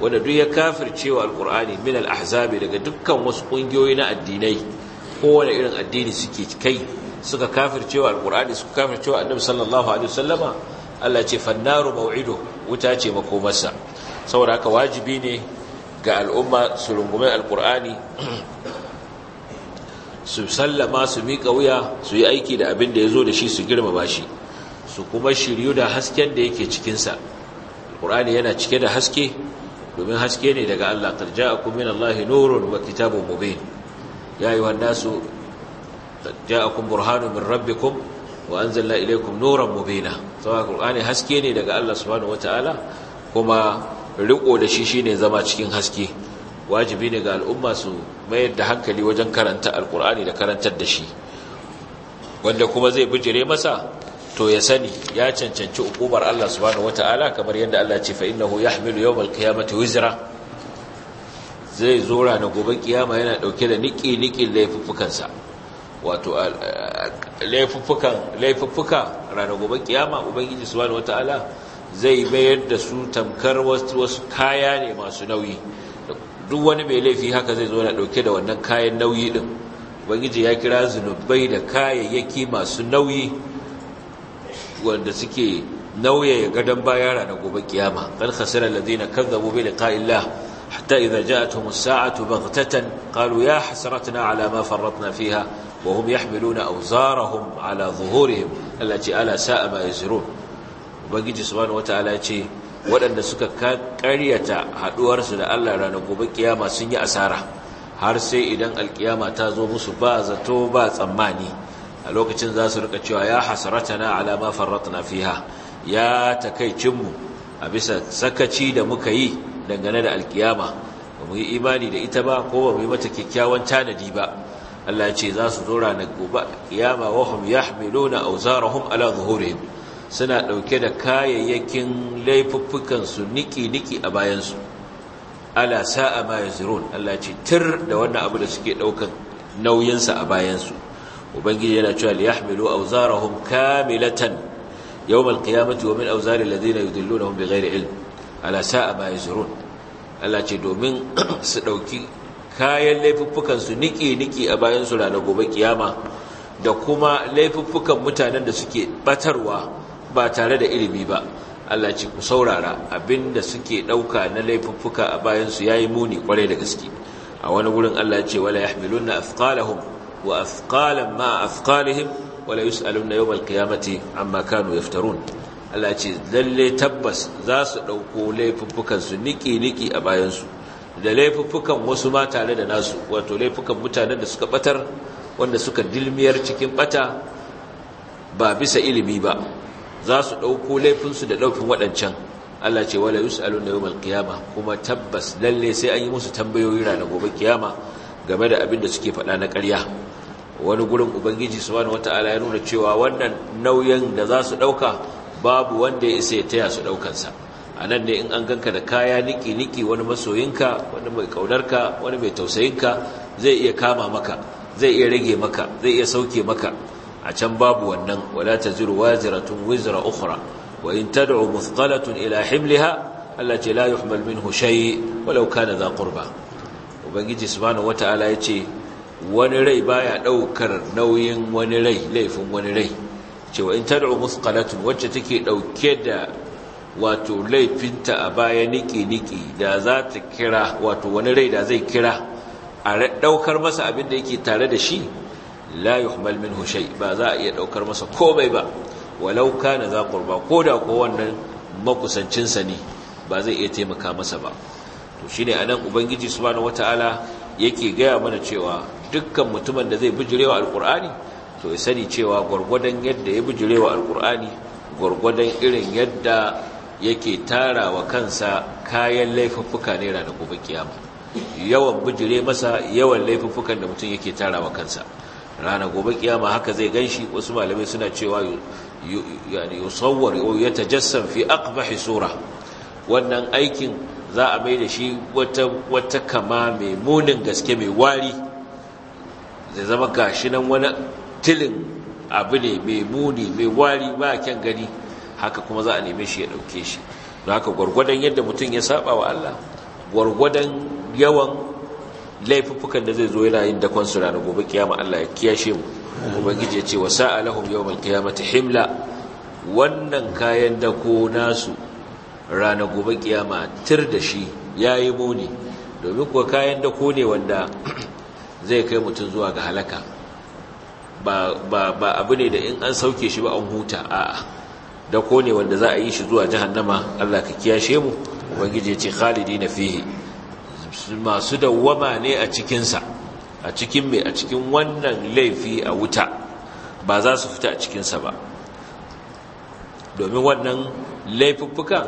wanda duk ya kafirce wa alkur'ani min al-ahzabi daga dukkan wasu kungiyoyi na addinai kowane irin addini suke kai suka kafirce wa alkur'ani suka kafirce wa annabi sallallahu alaihi wasallama Allah ce fannaru mawido wuta ce makomarsa saboda haka wajibi ne ga al'umma su rungumin alkur'ani [clears throat] su sallama su miƙa wuya su yi aiki da abin da ya zo da shi su girmama shi su kuma shiryu da hasken da yake cikinsa alkur'ani yana cike da haske domin haske ne daga Allah a min Allah nurun wa kitabun mubin ya ayyuhan nasu ja'akum burhanun min rabbikum wa anzalna ilaykum mu mubina saboda qur'ani haske ne daga Allah subhanahu wataala kuma riko da shi shine zama cikin haske wajibi ne ga al'umma su mayar da hankali wajen karanta alqur'ani da karantar da shi wanda kuma zai bijire masa to ya sani ya cancanci ukubar Allah subhanahu wataala kamar yadda Allah ce fa yahmilu yawmal wizra zai zora na gobe kiyama yana dauke da niki nikin laifuffukansa wato laifuffuka ranar gobe kiyama ubangiji subhanahu wataala zai mayar da su tamkar wasu kaya ne masu nauyi duk wani mai laifi haka zai zo na dauke da wannan kayan nauyi din ubangiji ya kira zunubai da kayayyaki masu nauyi wanda suke nauyaya gadon baya ranar gobe kiyama kan khasirar ladina da bi liqa'illah hatta idza ja'atuhum as-sa'atu baghtatan qalu ya hasratna ala ma farratna fiha wa hum yahmiluna awzarahum ala zuhurihim Allah ce ala sa'a ma yazrun ubangiji subhanahu wataala ce waɗanda suka karyata haɗuwarsu da Allah rana gobe ƙiyama sun yi asara har sai idan alkiyama ta zo musu ba zato ba tsammani a lokacin za su rika cewa ya hasratana ala ma farratna fiha ya takaicinmu a bisa sakaci da muka yi dangane da alkiyama ba mu yi imani da ita ba ko ba mu yi mata kyakkyawan tanadi ba Allah ce za su zo ranar gobe kiyama wa hum yahmiluna awzarahum ala zuhurihim suna dauke da kayayyakin laifuffukan su niki niki a bayan su ala sa'a ma yazrun Allah ce tir da wannan abu da suke daukan nauyin sa a bayan su ubangiji yana cewa liyahmilu awzarahum kamilatan yawm alqiyamati wa min awzari alladhina yudillunahum bighairi ilm ala sa'a ma yazrun Allah ce domin [clears throat] su dauki kayan su niki-niki a bayansu ranar gobe kiyama da kuma laifuffukan mutanen da suke batarwa ba tare da ilimi ba Allah ce ku saurara abinda suke ɗauka na laifuffuka a bayansu ya yi muni kwarai da gaske a wani wurin Allah ce wala ya hamilun na afkalahun wa afkalan ma afkalihim wala yi su'alun na yawon amma kanu yaftarun Allah ce lalle tabbas za su ɗauko su niki-niki a bayansu da laifukan wasu mata tare da nasu wato laifukan mutanen da suka batar wanda suka dilmiyar cikin bata ba bisa ilimi ba za su ɗauko laifinsu da laifin waɗancan Allah ce wala yus'alu na yawmal qiyama kuma tabbas lalle sai an yi musu tambayoyi ranar gobe kiyama game da abin da suke faɗa na karya. wani gurin ubangiji subhanahu wataala ya nuna cewa wannan nauyin da za su ɗauka babu wanda ya isa ya taya su ɗaukansa a nan ne in an ganka da kaya niki-niki wani masoyinka wani mai kaunarka wani mai tausayinka zai iya kama maka zai iya rage maka zai iya sauke maka a can babu wannan wala taziru waziratun wizra ukhra wa in tad'u muthqalatun ila himliha ce la yuhmal minhu shay walau kana dha qurba ubangiji subhanahu ya yace wani rai baya ɗaukar nauyin wani rai laifin wani rai cewa in tad'u muthqalatun wacce take ɗauke da wato laifinta a baya niki-niki da za ta kira wato wani rai da zai kira a daukar masa abin da yake tare da shi la yuhmal hushai, ba za a iya daukar masa komai ba walau na za ko koda ko wannan makusancinsa ne ba zai iya taimaka masa ba to shi a anan ubangiji su na wataala yake gaya mana cewa dukkan mutumin da zai bijirewa alkur'ani to ya sani cewa gwargwadon yadda ya bijirewa alkur'ani gwargwadon irin yadda yake tara wa kansa kayan laifuffuka ne ranar gobe kiyama yawan bijire masa yawan laifuffukan da mutum yake tara wa kansa ranar gobe kiyama haka zai ganshi wasu malamai suna cewa yani yusawwar ya tajassan fi aqbahi sura wannan aikin za a mai da shi wata kama mai munin gaske mai wari zai zama gashinan wani tilin abu ne mai muni mai wari ba kyan gani haka kuma za a neme shi ya ɗauke shi don haka gwargwadon yadda mutum ya saba wa Allah gwargwadon yawan laifuffukan da zai zo yana yin dakon su ranar gobe kiyama Allah ya kiyashe mu ubangiji ya ce wa sa'a lahu yawmal ta himla wannan kayan ko nasu ranar gobe kiyama tir da shi ya yi muni domin kuwa kayan ko ne wanda [clears throat] zai kai mutum zuwa ga halaka ba abu ne da in an sauke shi ba an huta a'a da ko ne wanda za a yi shi zuwa jahannama Allah ka kiyashe mu ubangiji ya ce na fihi masu dawwama ne a cikinsa. a cikin mai a cikin wannan laifi a wuta ba za su fita a cikinsa ba domin wannan laifuffukan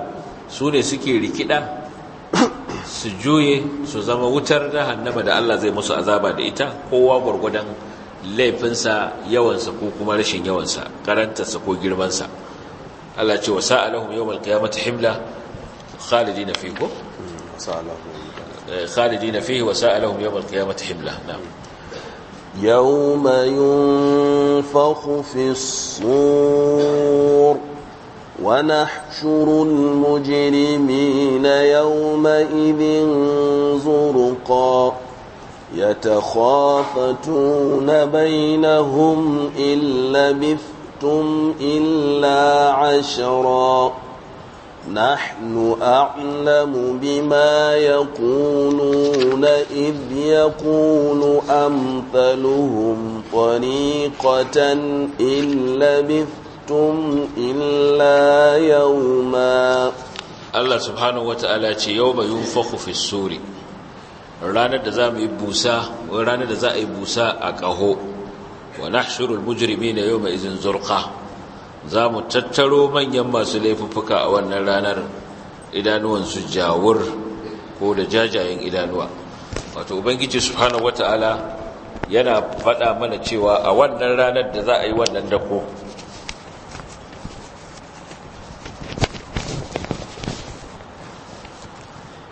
su ne suke rikida su juye su zama wutar jahannama da Allah zai musu azaba da ita kowa gwargwadon laifinsa yawansa ko kuma rashin yawansa karantarsa ko girmansa الله جو سألهم يوم القيامة حملة خالدين فيه آه، خالدين فيه وسألهم يوم القيامة حملة نعم يوم ينفخ في الصور ونحشر المجرمين يومئذ زرقا يتخافتون بينهم إن لبثوا لبثتم إلا عشرا نحن أعلم بما يقولون إذ يقول أمثلهم طريقة إن لبثتم إلا يوما الله سبحانه وتعالى يوم ينفخ في السور ranar da za mu yi busa ranar da za a yi busa a ƙaho wa nahshurul mujrimina yawma izin zurqa za mu tattaro manyan masu laifuka a wannan ranar idanuwan su jawur ko da jajayen idanuwa wato ubangiji subhanahu wataala yana faɗa mana cewa a wannan ranar da za a yi wannan dako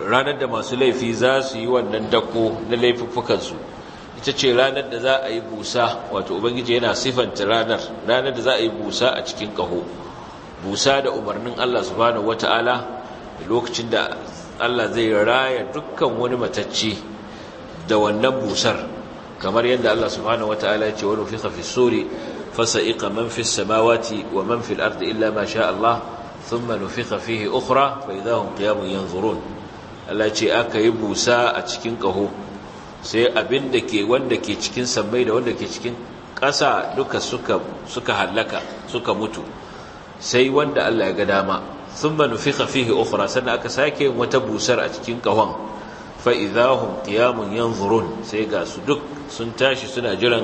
ranar da masu laifi za su yi wannan dako na laifukansu. ita ce ranar da za a yi busa wato ubangiji yana sifanta ranar ranar da za a yi busa a cikin kaho busa da umarnin Allah subhanahu wata'ala lokacin da Allah zai raya dukkan wani matacce da wannan busar kamar yadda Allah subhanahu wata'ala ya ce wani fi fi suri fasa'iqa man fi samawati wa man fi al-ardi illa ma sha Allah thumma nufiqa fihi ukhra fa idahum qiyamun yanzurun Allah ce aka yi busa a cikin kaho sai abin da ke wanda ke cikin sammai da wanda ke cikin ƙasa duka suka hallaka suka mutu sai wanda Allah ya ga dama thumma nufikha fihi ukhra sannan aka sake wata busar a cikin kahon fa idahum qiyamun yanzurun sai ga su duk sun tashi suna jiran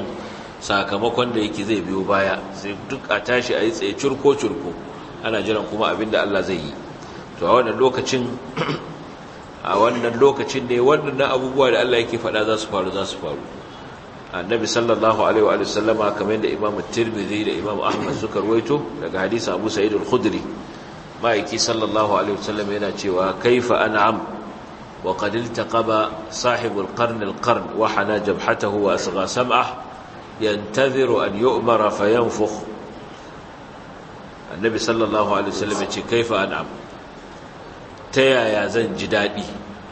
sakamakon da yake zai biyo baya sai duk a tashi a yi tsaye curko curko ana jiran kuma abin da Allah zai yi to a wannan lokacin a wannan lokacin ne waɗannan abubuwa da Allah yake faɗa za su faru za su faru annabi sallallahu alaihi wa sallam, kamar da imamu tirmidhi da imamu ahmad suka ruwaito daga hadisi abu sa'id al-khudri ma'aiki sallallahu alaihi wa sallam yana cewa kaifa an'am wa qad iltaqaba sahibu al-qarn al-qarn wa hana jabhatahu wa asgha sam'ah yantadhiru an yu'mara fayanfukh annabi sallallahu alaihi wa sallam ya ce kaifa an'am ta yaya zan ji daɗi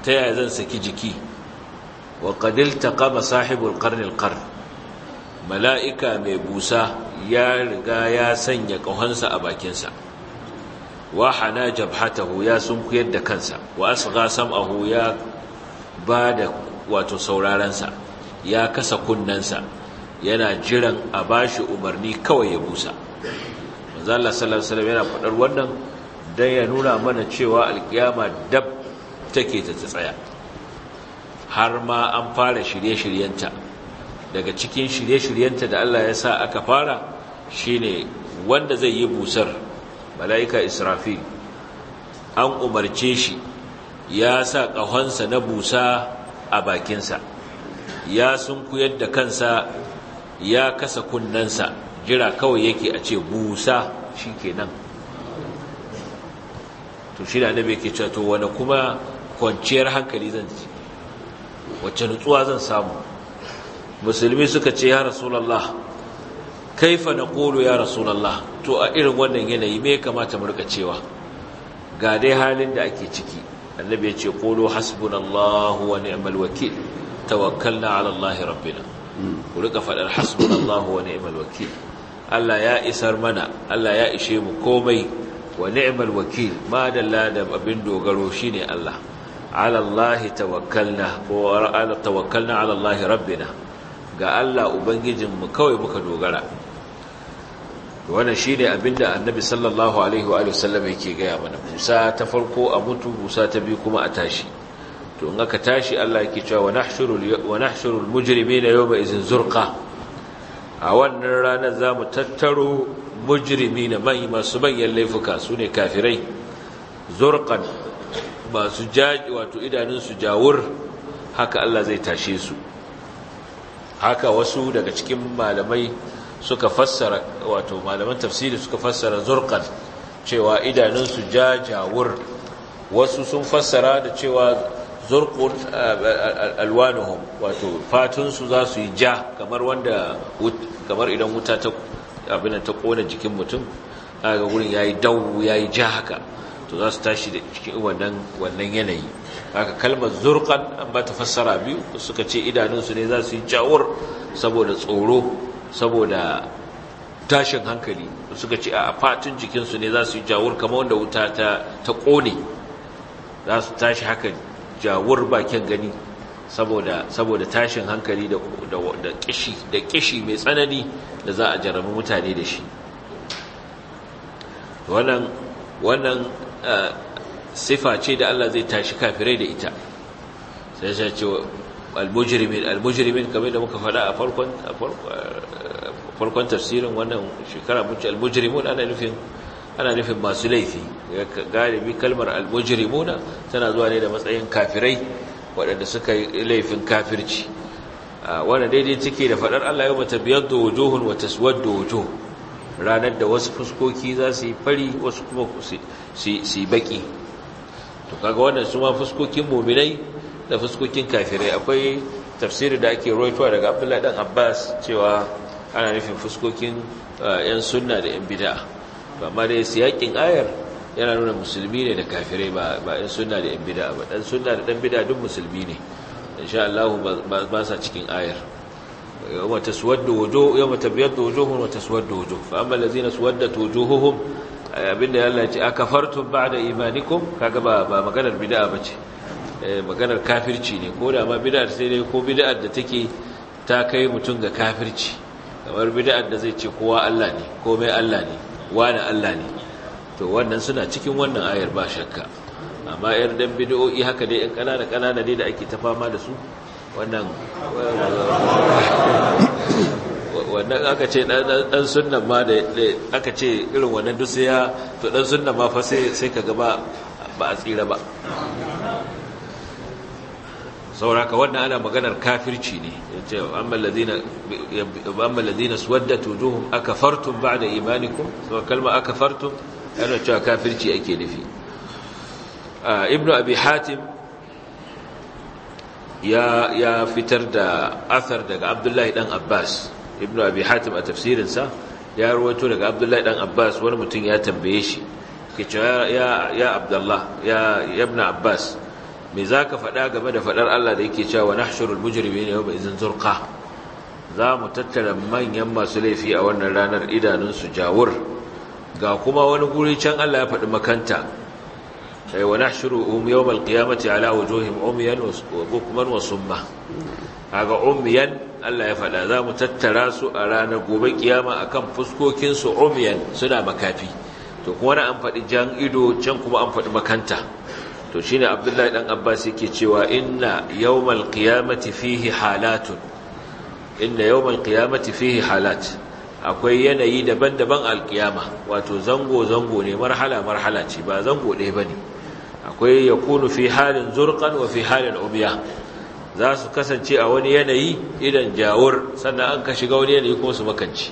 ta yaya zan saki jiki wa ta kama sahibul ƙarnil ƙar mala'ika mai busa ya riga ya sanya ƙahonsa a bakinsa wa hana jabhatahu ya sunkuyar da kansa wa asgha sam'ahu ya bada wato sauraransa ya kasa kunnensa yana jiran a bashi umarni kawai ya busa manzo Allah sallallahu alaihi wasallam yana fadar wannan don ya nuna mana cewa alkiyama dab take ta tsaya har ma an fara shirye-shiryenta daga cikin shirye-shiryenta da Allah ya sa aka fara shine wanda zai yi busar mala'ika israfil an umarce shi ya sa ƙahonsa na busa a bakinsa ya sunkuyar da kansa ya kasa kunnensa jira kawai yake a ce busa shi kenan to shi da annabi cewa to wani kuma kwanciyar hankali zan ci wacce nutsuwa zan samu musulmi suka ce ya rasulallah kaifa kolo ya rasulallah to a irin wannan yanayi me kamata mu rika cewa ga dai halin da ake ciki annabi ya ce qulu hasbunallahu wa ni'mal wakeel tawakkalna 'ala allahi rabbina ku rika fadar hasbunallahu wa ni'mal wakil Allah ya isar mana Allah ya ishe mu komai wa ni'mal wakil ma da ladam abin dogaro shine Allah ala Allah tawakkalna ko ala tawakkalna ala Allah rabbina ga Allah ubangijin mu kawai muka dogara wannan shine abinda annabi sallallahu alaihi wa sallam yake gaya mana Musa ta farko a mutu Musa ta biyu kuma a tashi to in aka tashi Allah yake cewa wa nahshuru wa nahshuru al-mujrimina yawma izin zurqa a wannan ranar zamu tattaro mujrimina mai masu manyan laifuka su ne kafirai zurqan masu jaji wato idanunsu jawur haka Allah zai tashe su haka wasu daga cikin malamai suka fassara wato malaman tafsiri suka fassara zurqan cewa idanunsu jajawur wasu sun fassara da cewa zurqun alwanuhum wato fatunsu za su yi ja kamar wanda kamar idan wuta ta abin ta kona jikin mutum a ga wurin ya yi dawo, ya yi ja haka to za su tashi da cikin wannan wannan yanayi haka kalmar zurkan an ba ta fassara biyu suka ce idanunsu ne za su yi jawur saboda tsoro saboda tashin hankali suka ce a fatin jikinsu ne za su yi jawur kamar wanda wuta ta kone za su tashi haka jawur bakin gani saboda saboda tashin hankali da da kishi da kishi mai tsanani da za a jarabi mutane da shi wannan wannan eh, sifa ce da Allah zai tashi kafirai da ita sai ya ce al-mujrimin al-mujrimin kamar da muka faɗa a farkon eh, farkon tafsirin wannan shekara mun ce al-mujrimun ana nufin ana nufin masu laifi galibi kalmar al-mujrimuna tana zuwa ne da matsayin kafirai waɗanda suka yi laifin kafirci wanda daidai take da faɗar Allah yau mata biyar da wujuhun wata suwar da wujo ranar da wasu fuskoki za su yi fari wasu kuma su yi baƙi to kaga wannan su ma fuskokin muminai da fuskokin kafirai akwai tafsiri da ake roitowa daga abdullahi dan abbas cewa ana nufin fuskokin 'yan sunna da 'yan bida'a amma dai yaƙin ayar yana nuna musulmi ne da kafirai ba ba ɗan da ɗan bid'a ba ɗan suna da ɗan bid'a duk musulmi ne sha Allah ba sa cikin ayar yawma taswaddu biyar yawma tabyaddu wujuhun wa taswaddu fa amma allazina suwaddat hun abinda Allah ya ce ba ba'da imanikun kaga ba ba maganar bid'a bace eh, maganar kafirci ne ko da ma da sai dai ko bida'ar da take ta kai mutum ga kafirci kamar bid'ar da zai ce kowa Allah ne komai Allah ne wa wani Allah ne to wannan suna cikin wannan ayar ba shakka amma yar dan bid'o'i haka dai ɗan ƙanana ƙanana ne da ake ta fama da su wannan wannan aka ce dan sunnan ma da aka ce irin wannan duk sai to dan sunnan ma fa sai sai kaga ba ba a tsira ba sauraka wannan ana maganar kafirci ne ya ce amma alladhina amma alladhina suwaddat wujuhum akafartum ba'da imanikum so kalma akafartum yana cewa kafirci ake nufi ibn abi hatim ya fitar da athar daga abdullahi dan abbas ibn abi hatim a tafsirinsa ya ruwato daga abdullahi dan abbas wani mutum ya tambaye shi ke cewa ya abdullah ya ibn abbas me zaka faɗa game da faɗar Allah da yake cewa nahshurul mujrimina yawma idzin zurka za mu tattara manyan masu laifi a wannan ranar idanunsu jawur ga kuma wani guri can Allah ya faɗi makanta ai eh, wa nahshuruhum yawm alqiyamati ala wujuhim umyan wa bukman wa summa kaga umyan Allah ya faɗa za mu tattara su a ranar gobe kiyama akan fuskokin su umyan suna makafi to kuma na an faɗi jan ido can kuma an faɗi makanta to shine Abdullahi dan Abbas yake cewa inna yawmal qiyamati fihi halatun inna yawmal qiyamati fihi halatun akwai yanayi daban-daban alkiyama wato zango-zango ne marhala-marhala ce ba zango ɗaya ba ne akwai ya kunu fi halin zurkan wa fi halin umiya za su kasance a wani yanayi idan jawur sannan an ka shiga wani yanayi kuma su makanci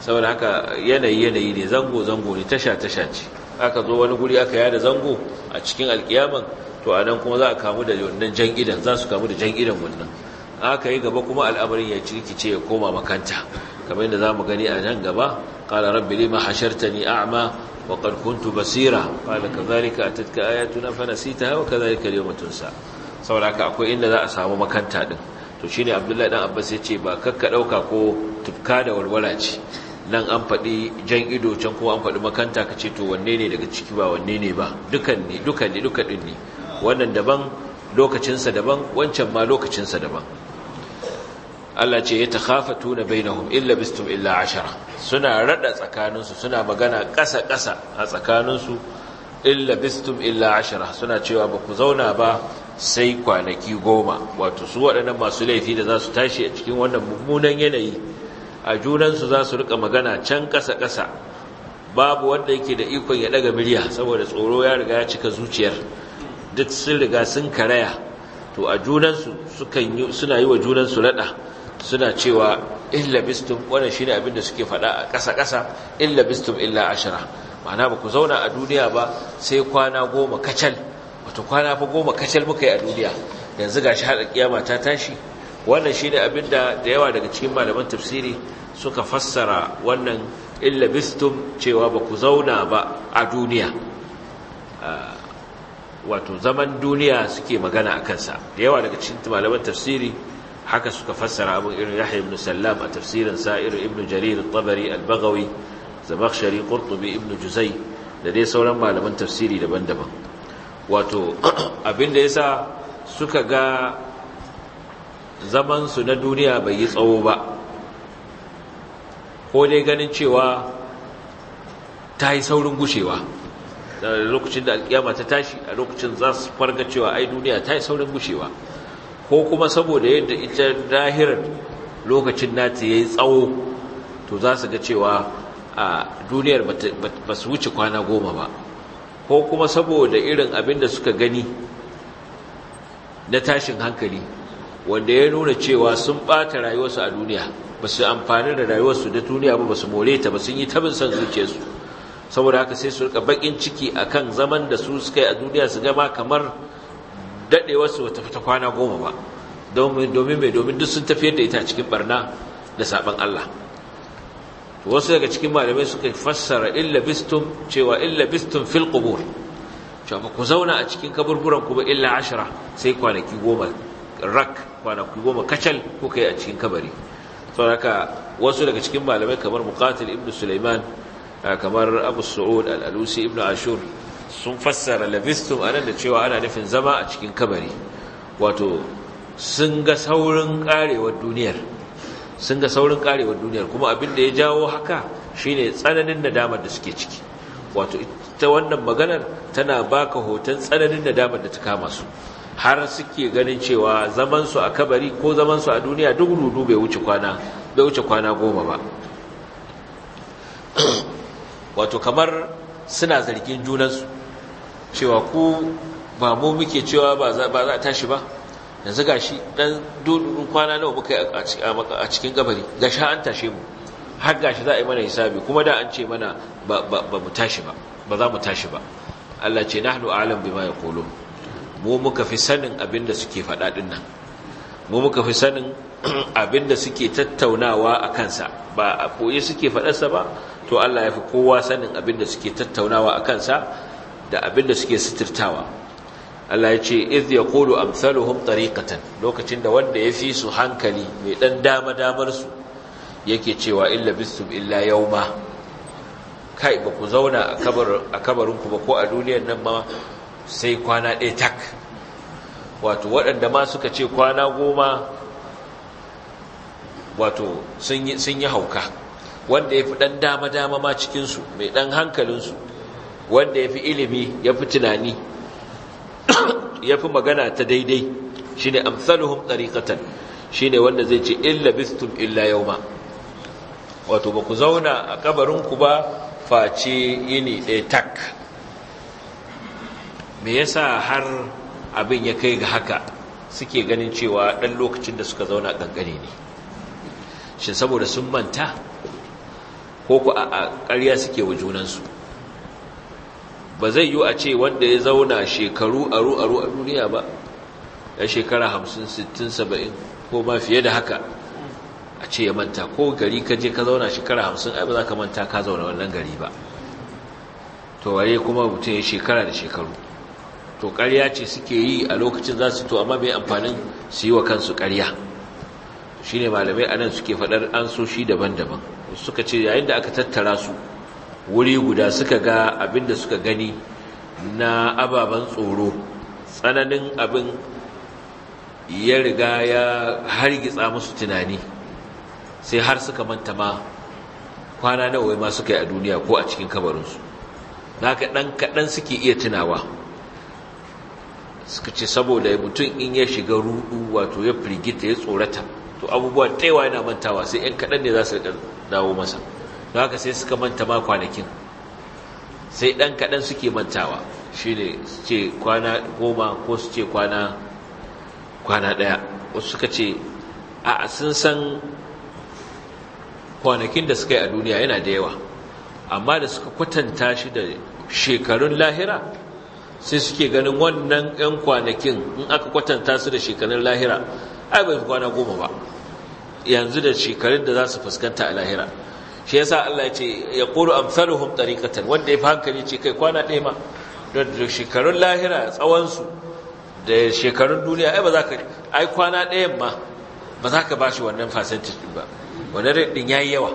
saboda haka yanayi-yanayi ne zango-zango ne tasha-tasha ce aka zo wani guri aka yada zango a cikin alkiyaman to a nan kuma za a kamu da wannan jan idan za su kamu da jan idan wannan aka yi gaba kuma al'amarin ya rikice ya koma makanta kamar yadda mu gani a nan gaba qala rabbi hasharta hashartani a'ma wa qad kuntu basira qala kadhalika atatka ayatuna fanasitaha wa kadhalika al-yawma tunsa saboda haka akwai inda za a samu makanta din to shine abdullahi dan abbas ya ce ba kakka dauka ko tufka da walwala ce nan an faɗi jan ido can kuma an faɗi makanta ka ce to wanne ne daga ciki ba wanne ne ba dukan ne dukan ne ne wannan daban lokacinsa daban wancan ma lokacinsa daban Allah ce ya takhafatuna bainahum illa bistum illa ashara suna rada tsakaninsu suna magana ƙasa-ƙasa a tsakaninsu illa bistum illa ashara suna cewa ba ku zauna ba sai kwanaki goma wato su waɗannan masu laifi da za su tashi a cikin wannan mummunan yanayi a junansu za su rika magana can ƙasa-ƙasa babu wanda yake da ikon ya ɗaga miliya saboda tsoro ya riga ya cika zuciyar duk sun riga sun karaya to a junansu suna yi wa junansu raɗa suna cewa illa bistum wannan shine abin da suke faɗa a ƙasa-ƙasa illa bistum illa ashira ma'ana ba ku zauna a duniya ba sai kwana goma kacal wato kwana fa goma kacal muka yi a duniya yanzu gashi haɗa kiyama ta tashi wannan shine abin da da yawa daga cikin malaman tafsiri suka fassara wannan illa bistum cewa ba ku zauna ba a duniya ah, wato zaman duniya suke magana a kansa da yawa daga cikin malaman tafsiri haka suka fassara abin irin yahya ibn sallam a tafsirin sa'ir ibn jarir al-tabari al-baghawi zamakhshari qurtubi ibn juzai da dai sauran malaman tafsiri daban-daban wato [clears throat] abin da yasa suka ga zaman su na duniya bai yi tsawo ba ko dai ganin cewa ta yi saurin gushewa lokacin da alƙiyama ta tashi a lokacin za su farga cewa ai duniya ta yi saurin gushewa ko kuma saboda yadda ita dahir lokacin nata yayi tsawo to za su ga cewa a duniyar ba su wuce kwana goma ba ko kuma saboda irin abin da suka gani na tashin hankali wanda ya nuna cewa sun ɓata rayuwarsu a duniya ba su amfani da rayuwarsu da duniya ba ba su more ta ba sun yi tabin son su, saboda haka sai su rika bakin ciki akan zaman da su suka yi a duniya su gama kamar ba wata fita kwana goma ba domin mai domin duk sun tafiyar da ita cikin barna da saɓan Allah wasu daga cikin malamai suka fassara illa bistum cewa illa bistum fil qubur cewa ku zauna a cikin kaburburan kuma illa ashira sai kwanaki goma rak kwanaki goma kacal kuka yi a cikin kabari saboda wasu daga cikin malamai kamar muqatil ibnu sulaiman kamar abu su'ud al-alusi ibnu ashur sun fassara labistum anan da cewa ana nufin zama a cikin kabari wato sun ga saurin karewar duniyar sun ga saurin karewar duniyar kuma abin da ya jawo haka shine tsananin nadamar da suke ciki wato ita wannan maganar tana baka hoton tsananin nadamar da ta kama su har suke ganin cewa zaman su a kabari ko zaman su a duniya duk rudu bai bai wuce kwana goma ba wato kamar suna zargin junansu cewa ku ba mu muke cewa ba za a tashi ba yanzu ga shi ɗan dudun kwana nawa muka yi a cikin gabari ga sha an tashe mu har gashi za a yi mana hisabi kuma da an ce mana ba mu tashi ba ba za mu tashi ba Allah ce na hannu alam ya kolo mu muka fi sanin abinda suke faɗa nan mu muka fi sanin [clears throat] abinda suke tattaunawa a kansa ba a koyi suke faɗarsa ba to Allah ya fi kowa sanin abin da suke tattaunawa a kansa da abin da suke sitirtawa Allah ya ce idh yaqulu amsaluhum tariqatan lokacin da wanda ya fi su hankali mai ɗan dama damar su yake cewa illa bisum illa ma. kai ba ku zauna a kabarinku ba ko a duniyar nan ma sai kwana ɗaya tak wato waɗanda ma suka ce kwana goma wato sun yi hauka wanda ya fi ɗan dama-dama ma cikinsu mai ɗan hankalinsu wanda ya fi ilimi ya fi tunani ya fi magana ta daidai shi ne amsaluhun ɗariƙatan shi ne wanda zai ce illa bistum illa yau ma wato ba ku zauna a kabarinku ba face yini ɗaya tak me sa har abin ya kai ga haka suke ganin cewa ɗan lokacin da suka zauna ƙanƙani ne shi saboda sun manta ko ku a ƙarya suke wa junansu ba zai yi a ce wanda ya zauna shekaru aru aru a duniya ba ya shekara hamsin sittin saba'in ko ma fiye da haka a ce ya manta ko gari ka je ka zauna shekara hamsin ai ba za ka manta ka zauna wannan gari ba to waye kuma mutum ya shekara da shekaru to ƙarya ce suke yi a lokacin za su to amma mai amfanin su yi wa kansu ƙarya shi ne malamai a nan suke faɗar an so shi daban-daban suka ce yayin da aka tattara su wuri guda suka ga abin da suka gani na ababen tsoro tsananin abin ya riga ya hargitsa musu tunani sai har suka manta ma kwana nawa ma suka yi a duniya ko a cikin kabarinsu Na ɗan kaɗan suke iya tunawa suka ce saboda mutum in ya shiga ruɗu, wato ya firgita ya tsorata to abubuwa taiwa yana mantawa sai ‘yan kaɗan ne za su dawo masa da haka sai suka manta ma kwanakin sai ɗan kaɗan suke mantawa shi ne su ce kwana goma ko su ce kwana ɗaya wasu suka ce a sun san kwanakin da suka yi a duniya yana da yawa amma da suka kwatanta shi da shekarun lahira sai suke ganin wannan 'yan kwanakin in aka kwatanta su da shekarun lahira ai bai fi kwana goma ba yanzu da shekarun da za su fuskanta a lahira shi yasa Allah ya ce ya qulu amsaluhum tariqatan wanda ya fi hankali ce kai kwana ɗaya ma Don da shekarun lahira tsawon su da shekarun duniya ai ba za ka ai kwana ɗaya ma ba za ka ba shi wannan percentage ba Wani rate din yi yawa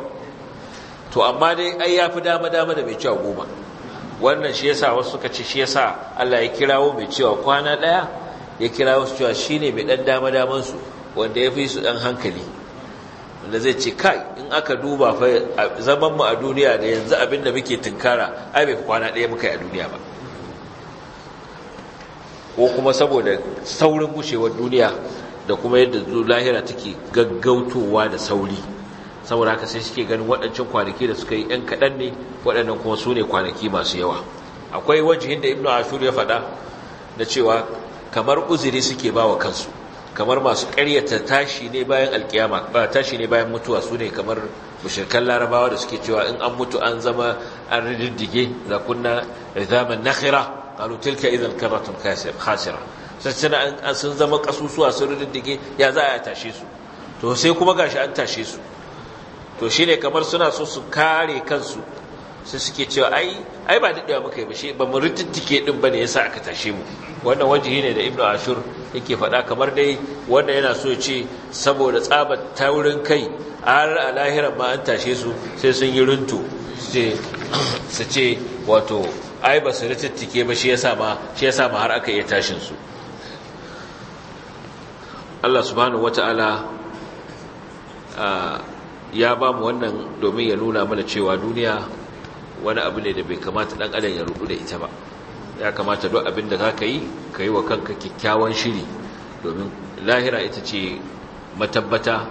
to amma dai ai ya fi dama dama da mai cewa goma wannan shi yasa wasu suka ce shi yasa Allah ya kirawo mai cewa kwana ɗaya ya kira wasu cewa shi ne mai ɗan dama damansu wanda ya fi su ɗan hankali wanda zai ce kai in aka duba fa zaman mu a duniya da yanzu abin da muke tunkara ai bai kwana ɗaya muka yi a duniya ba ko kuma saboda saurin gushewar duniya da kuma yadda lahira take gaggautowa da sauri saboda haka sai suke ganin waɗancan kwanaki da suka yi ‘yan kaɗan ne waɗannan kuma su ne kwanaki masu yawa akwai wajihin da ibnu ashur ya faɗa na cewa kamar uzuri suke ba wa kansu kamar masu karyata tashi ne bayan alkiyama ba tashi ne bayan mutuwa su ne kamar mushirkan larabawa da suke cewa in an mutu an zama an riddige da kunna izaman nakhira qalu tilka idan karatun khasira sai sun zama kasusuwa sun riddige ya za a tashe su to sai kuma gashi an tashe su to shine kamar suna so su kare kansu sai suke cewa ai ai ba daɗewa muka yi ba shi ba mu rittike ɗin ba ne ya sa aka tashe mu wannan wajihi ne da ibnu ashur yake faɗa kamar dai wanda yana so ya ce saboda tsabar taurin kai har a lahiran ma an tashe su sai sun yi runtu su ce [clears throat] wato ai ba su rittike ba shi ya sa ma har aka iya tashin su Allah subhanahu wata'ala ya ba mu wannan domin ya nuna mana cewa duniya wani abu ne da bai kamata dan adam ya rudu da ita ba ya kamata duk abin da zaka yi ka yi wa kanka kyakkyawan shiri domin lahira ita ce matabbata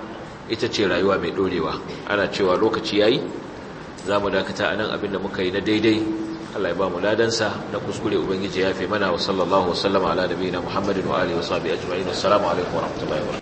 ita ce rayuwa mai dorewa ana cewa lokaci yayi za mu dakata nan abin da muka yi na daidai Allah ya ba mu ladansa na kuskure ubangiji ya fi mana wa sallallahu wasallama ala muhammadin wa alihi wa sahbihi ajma'in assalamu alaikum wa rahmatullahi wa